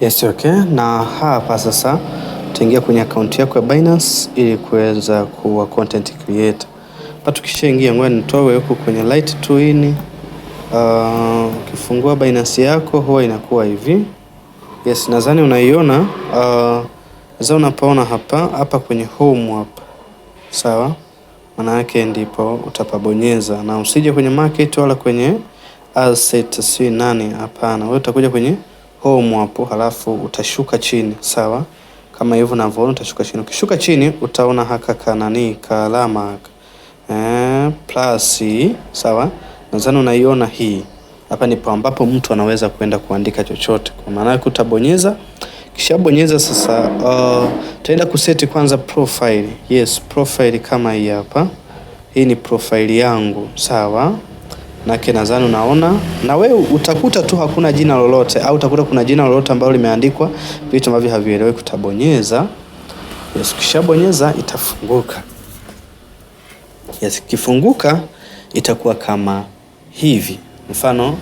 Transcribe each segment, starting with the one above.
Yes, okay. Na hapa sasa tuingia kwenye akaunti yako ya Binance ili kuweza kuwa content creator. Hapa tukishaingia, ngoja nitoe huko kwenye light tu ini. Ah, ukifungua uh, Binance yako huwa inakuwa hivi. Yes, nadhani unaiona uh, ah, za unapaona hapa hapa kwenye home hapa. Sawa? Maana yake ndipo utapabonyeza na usije kwenye market wala kwenye asset si nani, hapana. Wewe utakuja kwenye home hapo, halafu utashuka chini sawa, kama hivyo unavyoona, utashuka chini. Ukishuka chini utaona haka kanani kalama eh, plus sawa, nadhani unaiona hii hapa ndipo ambapo mtu anaweza kwenda kuandika chochote, kwa maana yake utabonyeza. Kishabonyeza sasa, uh, tutaenda kuseti kwanza profile. Yes, profile kama hii hapa. Hii ni profile yangu sawa nake nadhani unaona na wewe utakuta tu hakuna jina lolote, au utakuta kuna jina lolote ambalo limeandikwa vitu ambavyo havielewi, kutabonyeza. yes. Ukishabonyeza itafunguka yes. Kifunguka itakuwa kama hivi, mfano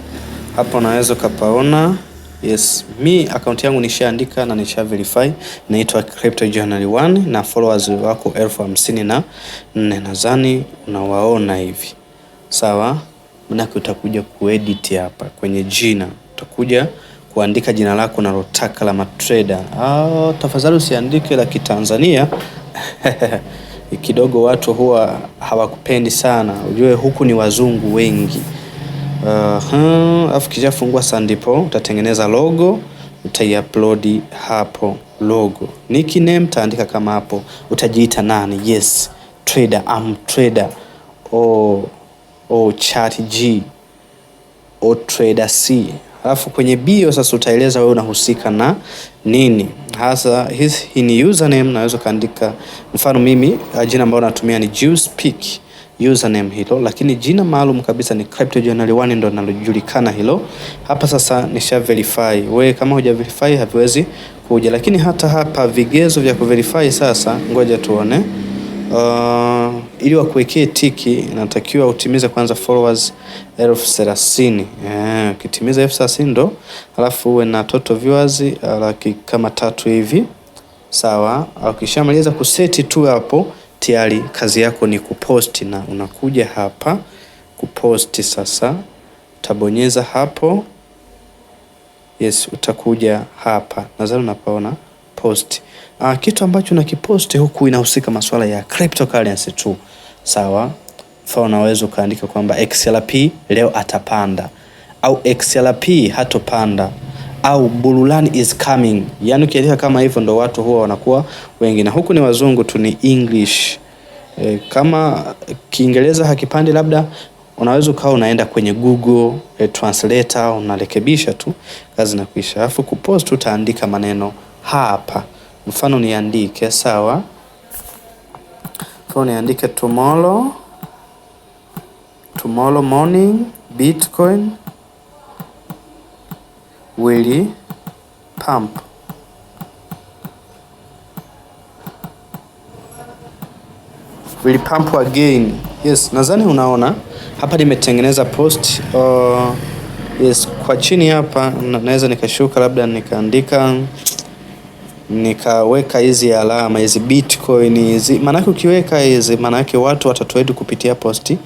hapo naweza kapaona. Yes, mi akaunti yangu nishaandika na nisha verify, naitwa Crypto Journal 1 na followers wako elfu hamsini na nne nadhani unawaona hivi, sawa. Manake utakuja kuedit hapa kwenye jina, utakuja kuandika jina lako unalotaka la matreda. Ah, tafadhali usiandike la Kitanzania kidogo watu huwa hawakupendi sana, ujue huku ni wazungu wengi. Uh, afu kishafungua Sandipo utatengeneza logo, utaiupload hapo. Logo nickname taandika kama hapo, utajiita nani? Yes trader, I'm trader oh au oh, chart G au oh, trader C. Alafu kwenye bio sasa utaeleza wewe unahusika na nini hasa. Hii ni username, naweza kaandika mfano mimi uh, jina ambalo natumia ni JewSpeak username hilo, lakini jina maalum kabisa ni Crypto Journal 1 ndo nalojulikana hilo. Hapa sasa nisha verify. We kama huja verify haviwezi kuja, lakini hata hapa vigezo vya kuverify sasa, ngoja tuone. Uh, ili wakuwekee tiki natakiwa utimize kwanza followers elfu thelathini yeah. ukitimiza elfu thelathini ndo, alafu uwe na total viewers uh, laki kama tatu hivi sawa. Uh, ukishamaliza kuseti tu hapo tayari kazi yako ni kuposti, na unakuja hapa kuposti sasa, utabonyeza hapo yes, utakuja hapa nazani unapaona posti uh, kitu ambacho nakiposti huku inahusika masuala ya cryptocurrency tu, sawa. Fa, unaweza ukaandika kwamba XRP leo atapanda au XRP hatopanda au bululan is coming. Yani ukiandika kama hivyo ndo watu huwa wanakuwa wengi, na huku ni wazungu tu, ni English e, kama Kiingereza hakipandi labda unaweza ukawa unaenda kwenye Google e, translator unarekebisha tu, kazi na kuisha. Alafu kupost utaandika maneno hapa. Mfano niandike sawa, mfano niandike tomorrow, tomorrow morning Bitcoin will pump. Will pump again. Yes, nadhani unaona hapa nimetengeneza post uh, yes, kwa chini hapa naweza nikashuka labda nikaandika nikaweka hizi alama hizi Bitcoin hizi, maanake ukiweka hizi, maanake watu watatrade kupitia posti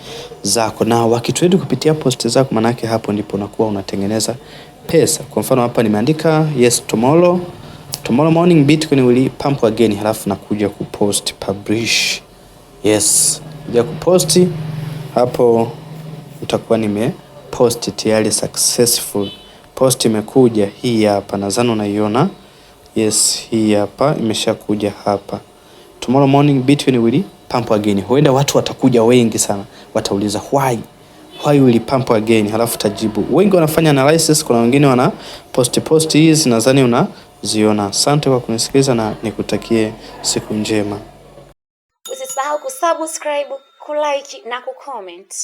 zako, na wakitrade kupitia posti zako, maanake hapo ndipo unakuwa unatengeneza pesa. Kwa mfano hapa nimeandika yes tomorrow tomorrow morning Bitcoin will pump again, halafu nakuja kupost publish. Yes, kuja kupost hapo, utakuwa nimepost tayari successful, post imekuja hii hapa, nadhani unaiona. Yes, hii hapa imeshakuja hapa. Tomorrow morning Bitcoin will pump again. Huenda watu watakuja wengi sana, watauliza why why will pump again, halafu tajibu. Wengi wanafanya analysis, kuna wengine wana post post hizi, nadhani unaziona. Asante kwa kunisikiliza na nikutakie siku njema. Usisahau kusubscribe, kulike na kucomment.